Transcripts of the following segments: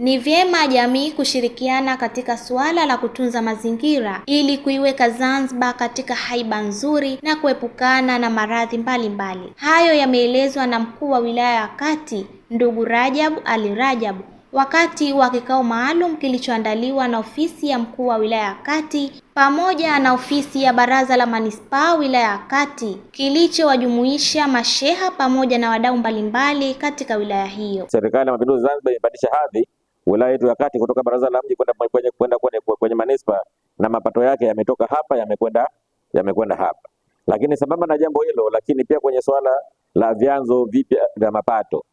Ni vyema jamii kushirikiana katika suala la kutunza mazingira ili kuiweka Zanzibar katika haiba nzuri na kuepukana na maradhi mbalimbali. Hayo yameelezwa na mkuu wa wilaya ya Kati ndugu Rajab Ali Rajab wakati wa kikao maalum kilichoandaliwa na ofisi ya mkuu wa wilaya ya Kati pamoja na ofisi ya baraza la manispaa wilaya ya Kati kilichowajumuisha masheha pamoja na wadau mbalimbali katika wilaya hiyo. Serikali ya Mapinduzi Zanzibar imepandisha hadhi wilaya yetu ya Kati kutoka baraza la mji kwenda kwenye, kwenye, kwenye, kwenye manispa na mapato yake yametoka hapa yamekwenda yamekwenda hapa. Lakini sambamba na jambo hilo, lakini pia kwenye swala la vyanzo vipya vya mapato,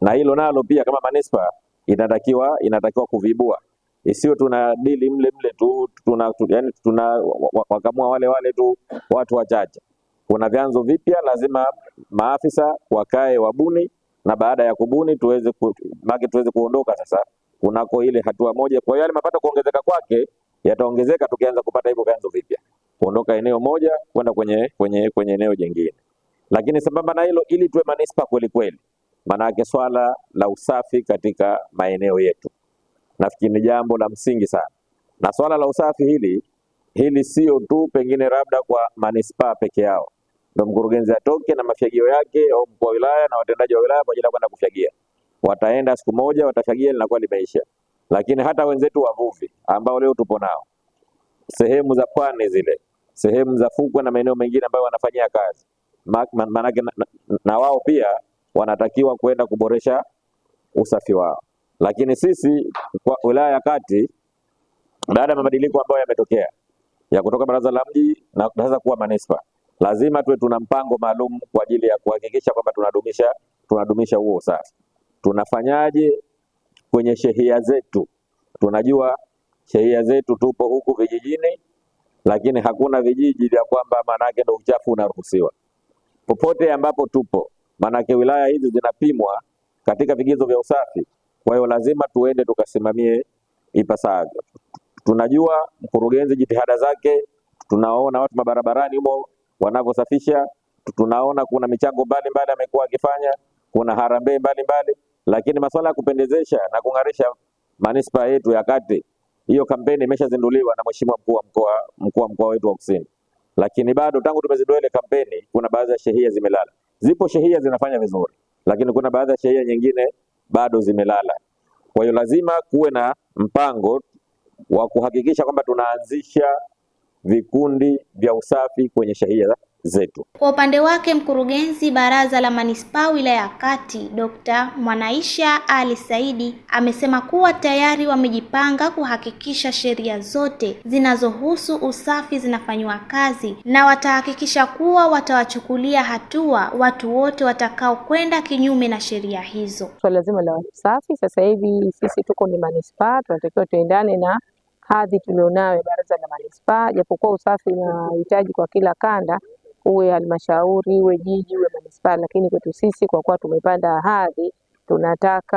na hilo nalo pia kama manispa inatakiwa inatakiwa kuvibua, isiwe tuna dili mle mle tu tuna, tu, yani, tuna wakamua wale wale tu watu wachache. Kuna vyanzo vipya, lazima maafisa wakae wabuni na baada ya kubuni tuweze ku, make tuweze kuondoka sasa kunako ile hatua moja. Kwa hiyo yale mapato kuongezeka kwake yataongezeka tukianza kupata hivyo vyanzo vipya, kuondoka eneo moja kwenda kwenye, kwenye, kwenye eneo jingine. Lakini sambamba na hilo, ili tuwe manispa kweli kweli, yake swala la usafi katika maeneo yetu nafikiri ni jambo la msingi sana, na swala la usafi hili hili sio tu pengine labda kwa manispaa peke yao ndio mkurugenzi atoke na mafyagio yake au mkuu wa wilaya na watendaji wa wilaya kwa ajili ya kwenda kufyagia. Wataenda siku moja, watafyagia, linakuwa limeisha. Lakini hata wenzetu wavuvi ambao leo tupo nao sehemu za pwani zile, sehemu za fukwe na maeneo mengine ambayo wanafanyia kazi, maanake na, na, na, na wao pia wanatakiwa kwenda kuboresha usafi wao. Lakini sisi kwa wilaya ya Kati, baada ya mabadiliko ambayo yametokea ya kutoka baraza la mji na sasa kuwa manispaa lazima tuwe tuna mpango maalum kwa ajili ya kuhakikisha kwamba tunadumisha tunadumisha huo usafi. Tunafanyaje kwenye shehia zetu? Tunajua shehia zetu tupo huku vijijini, lakini hakuna vijiji vya kwamba maanake ndo uchafu unaruhusiwa popote ambapo tupo, maanake wilaya hizi zinapimwa katika vigezo vya usafi. Kwa hiyo lazima tuende tukasimamie ipasavyo. Tunajua mkurugenzi jitihada zake, tunaona watu mabarabarani humo wanavyosafisha. Tunaona kuna michango mbalimbali amekuwa akifanya, kuna harambee mbalimbali, lakini masuala ya kupendezesha na kung'arisha manispaa yetu ya Kati, hiyo kampeni imeshazinduliwa na mheshimiwa mkuu wa mkoa mkuu wa mkoa wetu wa Kusini, lakini bado tangu tumezindua ile kampeni, kuna baadhi ya shehia zimelala. Zipo shehia zinafanya vizuri, lakini kuna baadhi ya shehia nyingine bado zimelala. Kwa hiyo lazima kuwe na mpango wa kuhakikisha kwamba tunaanzisha vikundi vya usafi kwenye shehia zetu. Kwa upande wake, mkurugenzi baraza la manispaa wilaya ya Kati Dr. Mwanaisha Ali Saidi amesema kuwa tayari wamejipanga kuhakikisha sheria zote zinazohusu usafi zinafanywa kazi na watahakikisha kuwa watawachukulia hatua watu wote watakaokwenda kinyume na sheria hizo. Swala zima la usafi sasa hivi sisi tuko ni manispaa, tunatakiwa tuendane na hadhi tulionayo baraza la manispaa, japokuwa usafi unahitaji kwa kila kanda, uwe halmashauri, uwe jiji, uwe manispaa, lakini kwetu sisi kwa kuwa tumepanda hadhi tunataka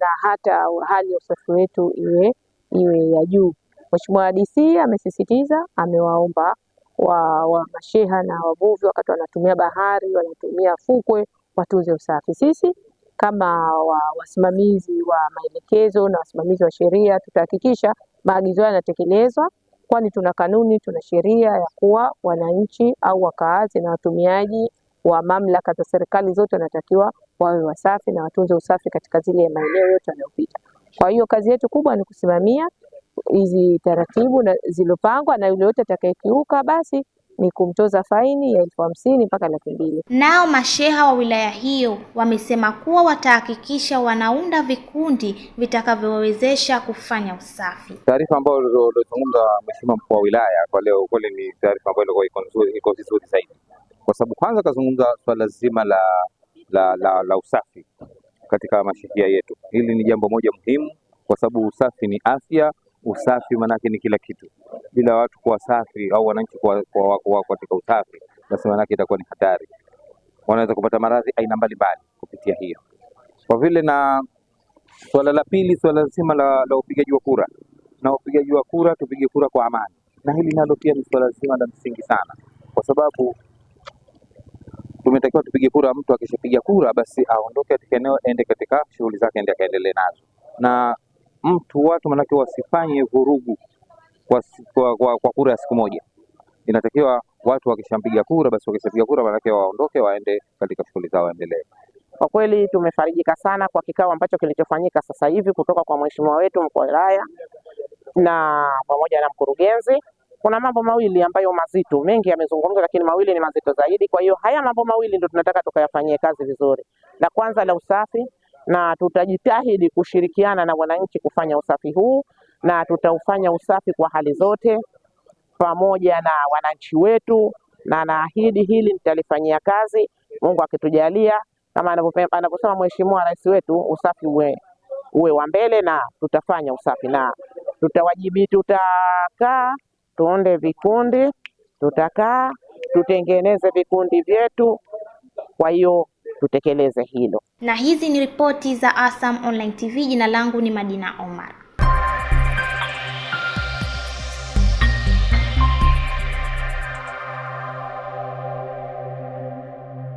na hata hali ya usafi wetu iwe iwe ya juu. Mheshimiwa DC amesisitiza, amewaomba wa, wa masheha na wavuvi wakati wanatumia bahari, wanatumia fukwe, watunze usafi. Sisi kama wasimamizi wa maelekezo na wasimamizi wa sheria tutahakikisha maagizo hayo yanatekelezwa, kwani tuna kanuni, tuna sheria ya kuwa wananchi au wakaazi na watumiaji wa mamlaka za serikali zote wanatakiwa wawe wasafi na watunze usafi katika zile maeneo yote wanayopita. Kwa hiyo kazi yetu kubwa ni kusimamia hizi taratibu zilizopangwa, na yule yote atakayekiuka basi ni kumtoza faini ya elfu hamsini mpaka laki mbili. Nao masheha wa wilaya hiyo wamesema kuwa watahakikisha wanaunda vikundi vitakavyowezesha kufanya usafi. Taarifa ambayo uliozungumza Mheshimiwa mkuu wa wilaya kwa leo kweli ni taarifa ambayo ilikuwa iko vizuri zaidi, kwa sababu kwanza akazungumza swala zima la, la, la, la usafi katika mashehia yetu. Hili ni jambo moja muhimu, kwa sababu usafi ni afya. Usafi maanake ni kila kitu bila watu kuwa safi au wananchi kuwa katika usafi, basi maanake itakuwa ni hatari, wanaweza kupata maradhi aina mbalimbali kupitia hiyo. Kwa vile na swala la pili, swala zima la, la upigaji wa kura na upigaji wa kura, tupige kura kwa amani, na hili nalo pia ni swala zima la msingi sana, kwa sababu tumetakiwa tupige kura. Mtu akishapiga kura, basi aondoke katika eneo, ende katika shughuli zake, ende akaendelee nazo, na mtu watu manake wasifanye vurugu kwa, kwa, kwa, kwa kura ya siku moja. Inatakiwa watu wakishampiga kura basi, wakishapiga kura maanake waondoke waende katika shughuli zao waendelee. Kwa kweli tumefarijika sana kwa kikao ambacho kilichofanyika sasa hivi kutoka kwa mheshimiwa wetu mkuu wa wilaya na pamoja na mkurugenzi. Kuna mambo mawili ambayo mazito, mengi yamezungumzwa, lakini mawili ni mazito zaidi. Kwa hiyo haya mambo mawili ndio tunataka tukayafanyie kazi vizuri, la kwanza la usafi, na tutajitahidi kushirikiana na wananchi kufanya usafi huu na tutaufanya usafi kwa hali zote pamoja na wananchi wetu, na naahidi hili nitalifanyia kazi Mungu akitujalia, kama anavyosema Mheshimiwa Rais wetu, usafi uwe, uwe wa mbele, na tutafanya usafi na tutawajibi, tutakaa tuonde vikundi, tutakaa tutengeneze vikundi vyetu. Kwa hiyo tutekeleze hilo. Na hizi ni ripoti za ASAM Online TV. Jina langu ni Madina Omar.